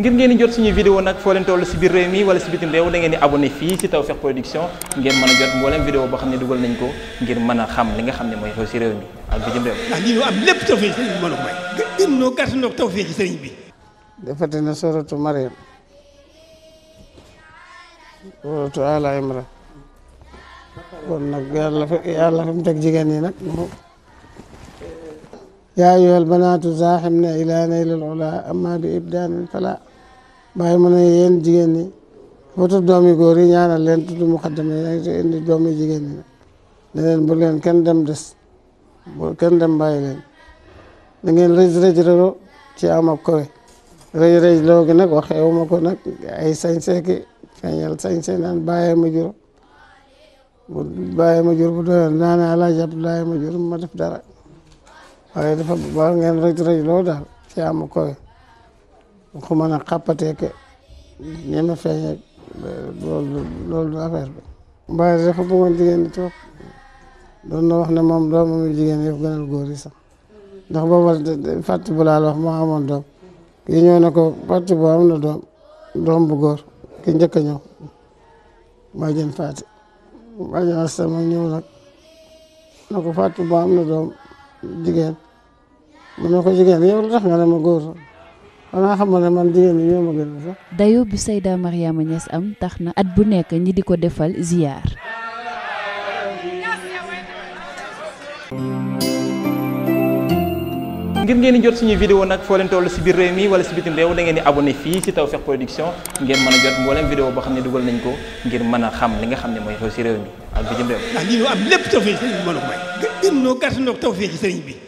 ngir ngeen di jot ñu vidéo nag foo leen toll si biir réew mi wala si bitim réew da ngeen di abonné fii si Tawfekh Production ngeen mën a jot mboolem vidéo boo xam ne dugal nañ ko ngir mën a xam li nga xam ne mooy xew si réew mi ak bitim réew. ndax lii ñu am lépp tawfeex sëriñ bi mën a may. gën noo gàtt noo na suratu Maryam Ala Imran kon nag yàlla fa mu teg jigéen ñi banaatu zaaxim na ilaa naylil ulaa amma bi ibdaanin falaa bàyyi mu ne yéen jigéen ñi wutu doomi góor yi ñaanal leen tudd muqaddam yi ak indi doomi jigéen ñi ne leen bu leen kenn dem des bu kenn dem bàyyi leen da ngeen rëj rëj loo ci am ak kowe rëj rëj nag waxeewu ko nag ay sañ-seeki feeñal sañ-see naan bàyyee ma jur bu ma jur bu doyoon naa ne alaaji Abdoulaye ma jur ma def dara waaye dafa ba ngeen rëj rëj loo daal kowe ku mën a xàppatee ñeme feeñee loolu loolu affaire bi Mbaye dafa bëggoon jigéen ñi trop doon na wax ne moom doomam yu jigéen yëpp góor yi sax ndax booba fàtt bu laal wax moo doom na ko fàtt bu am na doom doom bu góor ki njëkk a ñëw maa jën fàtte na ko fàtt bu am na doom jigéen mu ne ko jigéen yow lu tax nga ne ma góor xanaa xam ne man jigéen ñi ñoo ma gën sax. dayoo bi Seyda Mariama Niass am tax na at bu nekk ñi di ko defal ziyaar. ngir ngeen di jot suñu vidéo nag foo leen toll si biir réew mi wala si bitim réew da ngeen di abonné fii si Tawfekh Production ngeen mën a jot mboolem vidéo boo xam ne dugal nañ ko ngir mën a xam li nga xam ne mooy xew si réew mi ak bitim réew. ndax lii am lépp Tawfekh sëriñ sëriñ bi.